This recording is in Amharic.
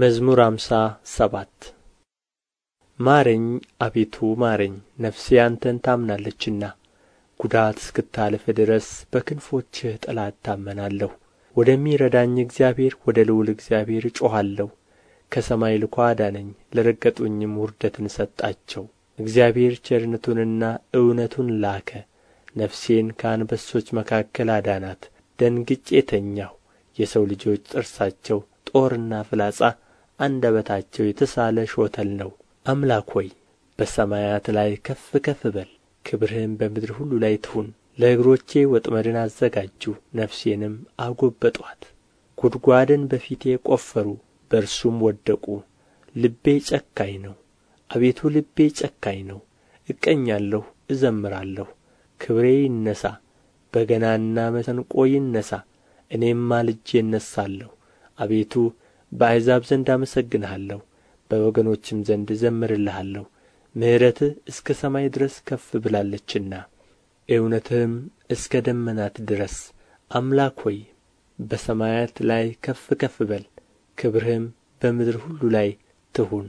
መዝሙር ሃምሳ ሰባት ማረኝ አቤቱ ማረኝ ነፍሴ አንተን ታምናለችና ጉዳት እስክታልፍ ድረስ በክንፎችህ ጥላ እታመናለሁ ወደሚረዳኝ እግዚአብሔር ወደ ልዑል እግዚአብሔር እጮኻለሁ ከሰማይ ልኮ አዳነኝ ለረገጡኝም ውርደትን ሰጣቸው እግዚአብሔር ቸርነቱንና እውነቱን ላከ ነፍሴን ከአንበሶች መካከል አዳናት ደንግጬ ተኛሁ የሰው ልጆች ጥርሳቸው ጦርና ፍላጻ አንደበታቸው የተሳለ ሾተል ነው አምላክ ሆይ በሰማያት ላይ ከፍ ከፍ በል ክብርህም በምድር ሁሉ ላይ ትሁን ለእግሮቼ ወጥመድን አዘጋጁ ነፍሴንም አጎበጧት ጉድጓድን በፊቴ ቆፈሩ በእርሱም ወደቁ ልቤ ጨካኝ ነው አቤቱ ልቤ ጨካኝ ነው እቀኛለሁ እዘምራለሁ ክብሬ ይነሣ በገናና መሰንቆ ይነሣ እኔም ማልጄ እነሣለሁ አቤቱ በአሕዛብ ዘንድ አመሰግንሃለሁ በወገኖችም ዘንድ እዘምርልሃለሁ ምሕረትህ እስከ ሰማይ ድረስ ከፍ ብላለችና እውነትህም እስከ ደመናት ድረስ አምላክ ሆይ በሰማያት ላይ ከፍ ከፍ በል ክብርህም በምድር ሁሉ ላይ ትሁን